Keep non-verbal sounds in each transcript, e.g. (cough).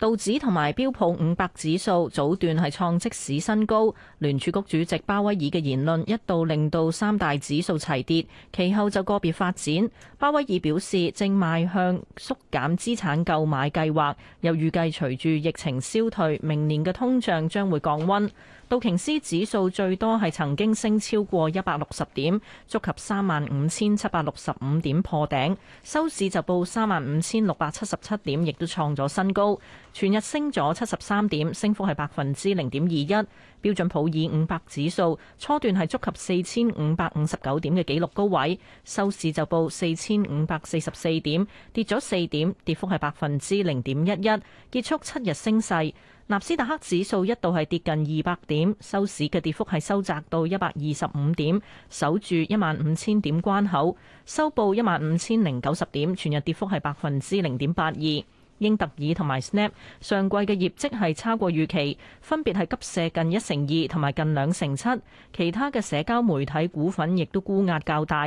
道指同埋標普五百指數早段係創即市新高。聯儲局主席鮑威爾嘅言論一度令到三大指數齊跌，其後就個別發展。鮑威爾表示正邁向縮減資產購買計劃，又預計隨住疫情消退，明年嘅通脹將會降溫。道瓊斯指數最多係曾經升超過一百六十點，觸及三萬五千七百六十五點破頂，收市就報三萬五千六百七十七點，亦都創咗新高。全日升咗七十三點，升幅係百分之零點二一。標準普爾五百指數初段係觸及四千五百五十九點嘅紀錄高位，收市就報四千五百四十四點，跌咗四點，跌幅係百分之零點一一，結束七日升勢。納斯達克指數一度係跌近二百點，收市嘅跌幅係收窄到一百二十五點，守住一萬五千點關口，收報一萬五千零九十點，全日跌幅係百分之零點八二。英特爾同埋 Snap 上季嘅業績係差過預期，分別係急瀉近一成二同埋近兩成七。其他嘅社交媒體股份亦都沽壓較大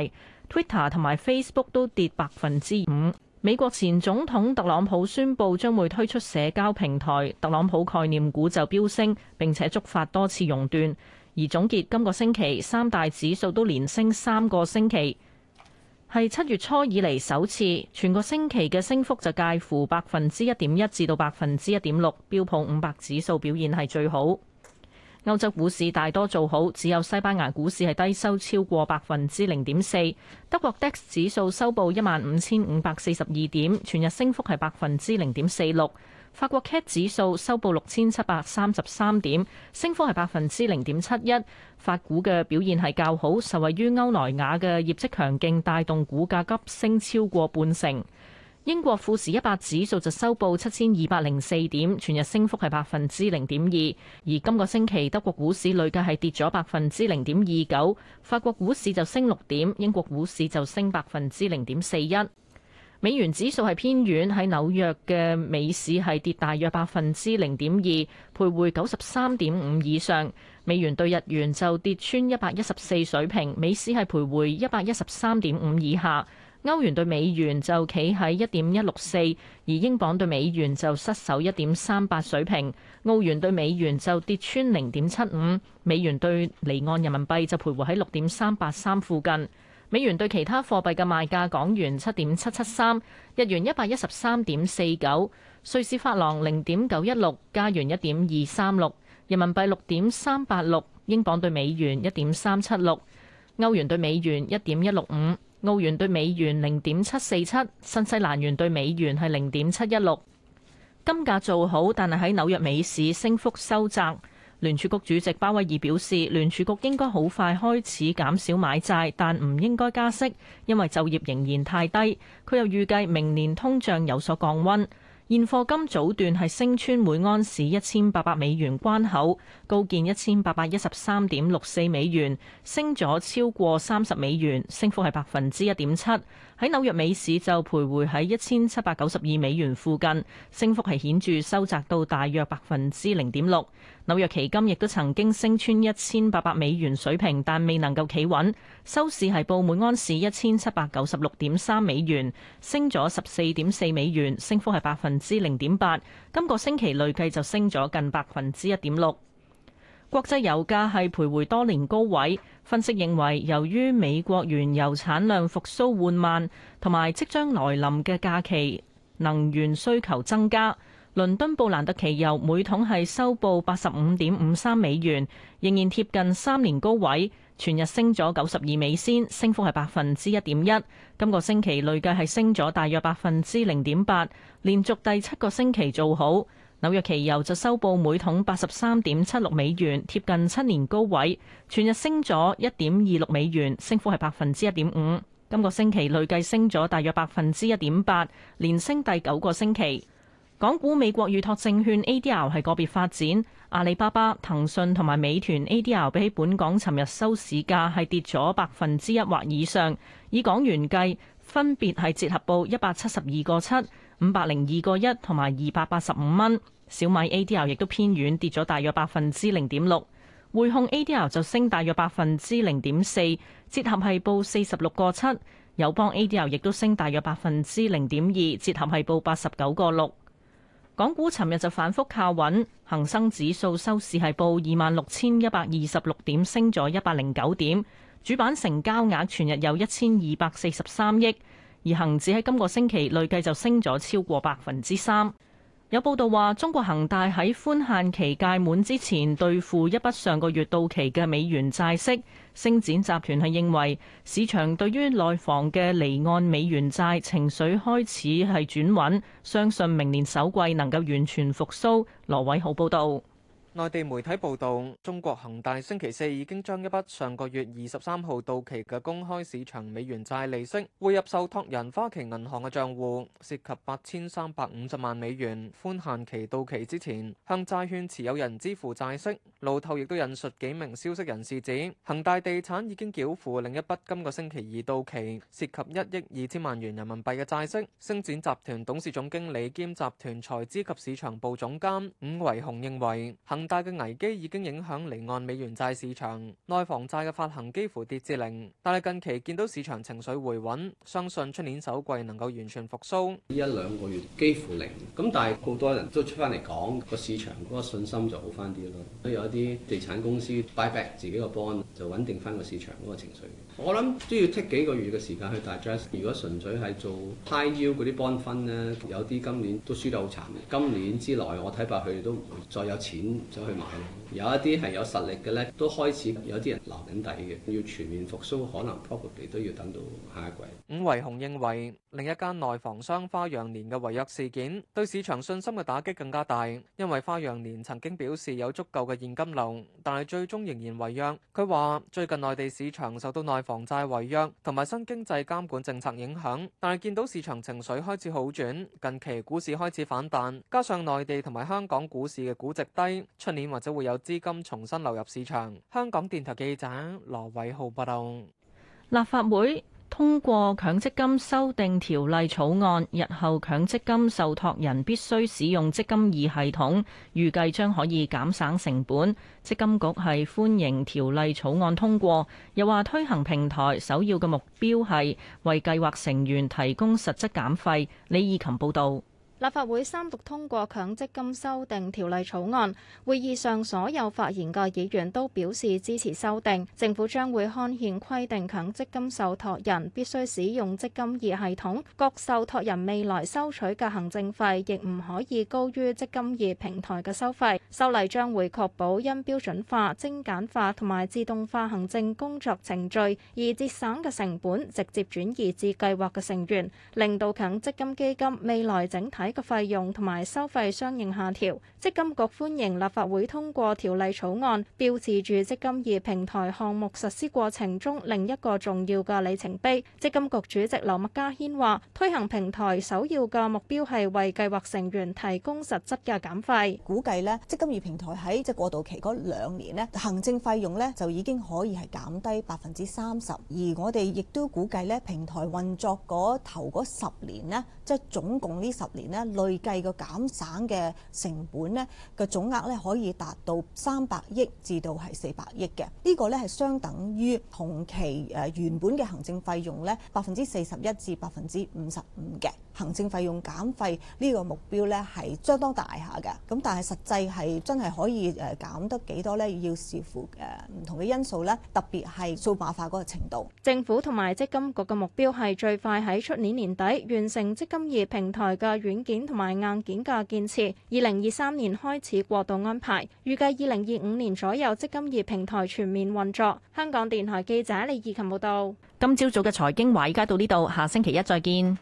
，Twitter 同埋 Facebook 都跌百分之五。美國前總統特朗普宣布將會推出社交平台，特朗普概念股就飆升，並且觸發多次熔斷。而總結今個星期，三大指數都連升三個星期。係七月初以嚟首次，全個星期嘅升幅就介乎百分之一點一至到百分之一點六，標普五百指數表現係最好。歐洲股市大多做好，只有西班牙股市係低收超過百分之零點四。德國 DAX 指數收報一萬五千五百四十二點，全日升幅係百分之零點四六。法國 CAC 指數收報六千七百三十三點，升幅係百分之零點七一。法股嘅表現係較好，受惠於歐萊雅嘅業績強勁，帶動股價急升超過半成。英國富時一百指數就收報七千二百零四點，全日升幅係百分之零點二。而今個星期德國股市累計係跌咗百分之零點二九，法國股市就升六點，英國股市就升百分之零點四一。美元指數係偏軟，喺紐約嘅美市係跌大約百分之零點二，徘徊九十三點五以上。美元對日元就跌穿一百一十四水平，美市係徘徊一百一十三點五以下。歐元對美元就企喺一點一六四，而英鎊對美元就失守一點三八水平。澳元對美元就跌穿零點七五，美元對離岸人民幣就徘徊喺六點三八三附近。美元對其他貨幣嘅賣價：港元七點七七三，日元一百一十三點四九，瑞士法郎零點九一六，加元一點二三六，人民幣六點三八六，英鎊對美元一點三七六，歐元對美元一點一六五，澳元對美元零點七四七，新西蘭元對美元係零點七一六。金價做好，但係喺紐約美市升幅收窄。聯儲局主席鮑威爾表示，聯儲局應該好快開始減少買債，但唔應該加息，因為就業仍然太低。佢又預計明年通脹有所降温。現貨金早段係升穿每安士一千八百美元關口。高見一千八百一十三點六四美元，升咗超過三十美元，升幅係百分之一點七。喺紐約美市就徘徊喺一千七百九十二美元附近，升幅係顯著收窄到大約百分之零點六。紐約期金亦都曾經升穿一千八百美元水平，但未能夠企穩，收市係報每安士一千七百九十六點三美元，升咗十四點四美元，升幅係百分之零點八。今個星期累計就升咗近百分之一點六。國際油價係徘徊多年高位，分析認為，由於美國原油產量復甦緩慢，同埋即將來臨嘅假期，能源需求增加，倫敦布蘭特期油每桶係收報八十五點五三美元，仍然貼近三年高位，全日升咗九十二美仙，升幅係百分之一點一，今個星期累計係升咗大約百分之零點八，連續第七個星期做好。紐約期油就收報每桶八十三點七六美元，貼近七年高位，全日升咗一點二六美元，升幅係百分之一點五。今個星期累計升咗大約百分之一點八，連升第九個星期。港股美國預託證券 ADR 係個別發展，阿里巴巴、騰訊同埋美團 ADR 比起本港尋日收市價係跌咗百分之一或以上，以港元計分別係折合報一百七十二個七、五百零二個一同埋二百八十五蚊。小米 A.D.R. 亦都偏軟，跌咗大約百分之零點六；匯控 A.D.R. 就升大約百分之零點四，折合係報四十六個七。友邦 A.D.R. 亦都升大約百分之零點二，折合係報八十九個六。港股尋日就反覆靠穩，恒生指數收市係報二萬六千一百二十六點，升咗一百零九點。主板成交額全日有一千二百四十三億，而恒指喺今個星期累計就升咗超過百分之三。有報道話，中國恒大喺寬限期屆滿之前兌付一筆上個月到期嘅美元債息。星展集團係認為，市場對於內房嘅離岸美元債情緒開始係轉穩，相信明年首季能夠完全復甦。羅偉豪報道。內地媒體報道，中國恆大星期四已經將一筆上個月二十三號到期嘅公開市場美元債利息匯入受託人花旗銀行嘅賬戶，涉及八千三百五十萬美元。寬限期到期之前，向債券持有人支付債息。路透亦都引述幾名消息人士指，恆大地產已經繳付另一筆今個星期二到期，涉及一億二千萬元人民幣嘅債息。星展集團董事總經理兼集團財資及市場部總監伍維雄認為，大嘅危機已經影響離岸美元債市場，內房債嘅發行幾乎跌至零。但係近期見到市場情緒回穩，相信出年首季能夠完全復甦。呢一兩個月幾乎零，咁但係好多人都出翻嚟講，個市場個信心就好翻啲咯。都有一啲地產公司 buy back 自己個 bond 就穩定翻個市場嗰個情緒。我諗都要 take 幾個月嘅時間去 address。如果純粹係做 high yield 嗰啲幫分呢，有啲今年都輸得好慘。今年之內我睇怕，佢哋都唔會再有錢走去買。有一啲係有實力嘅咧，都開始有啲人留緊底嘅。要全面復甦，可能 property 都要等到下一季。伍維雄認為，另一間內房商花樣年嘅違約事件對市場信心嘅打擊更加大，因為花樣年曾經表示有足夠嘅現金流，但係最終仍然違約。佢話。 (music) 最近內地市場受到內房債違約同埋新經濟監管政策影響，但係見到市場情緒開始好轉，近期股市開始反彈，加上內地同埋香港股市嘅估值低，出年或者會有資金重新流入市場。香港電台記者羅偉浩報道。立法會通過強積金修訂條例草案，日後強積金受託人必須使用積金易系統，預計將可以減省成本。積金局係歡迎條例草案通過，又話推行平台首要嘅目標係為計劃成員提供實質減費。李意琴報導。立法會三讀通過強積金修訂條例草案，會議上所有發言嘅議員都表示支持修訂。政府將會刊憲規定強積金受託人必須使用積金二系統，各受託人未來收取嘅行政費亦唔可以高於積金二平台嘅收費。修例將會確保因標準化、精簡化同埋自動化行政工作程序而節省嘅成本，直接轉移至計劃嘅成員，令到強積金基金未來整體。嘅費用同埋收費相應下調，積金局歡迎立法會通過條例草案，標誌住積金易平台項目實施過程中另一個重要嘅里程碑。積金局主席劉麥嘉軒話：，推行平台首要嘅目標係為計劃成員提供實質嘅減費。估計呢，積金易平台喺即係過渡期嗰兩年咧，行政費用呢，就已經可以係減低百分之三十，而我哋亦都估計呢，平台運作嗰頭嗰十年呢，即係總共呢十年呢。累計嘅減省嘅成本咧，嘅總額咧可以達到三百億至到係四百億嘅，呢個咧係相等於同期誒原本嘅行政費用咧百分之四十一至百分之五十五嘅行政費用減費，呢個目標咧係相當大下嘅，咁但係實際係真係可以誒減得幾多咧，要視乎誒唔同嘅因素咧，特別係數碼化嗰個程度。政府同埋積金局嘅目標，係最快喺出年年底完成積金業平台嘅軟件同埋硬件嘅建設，二零二三年開始過渡安排，預計二零二五年左右，積金業平台全面運作。香港電台記者李義琴報道。今朝早嘅財經華爾街到呢度，下星期一再見。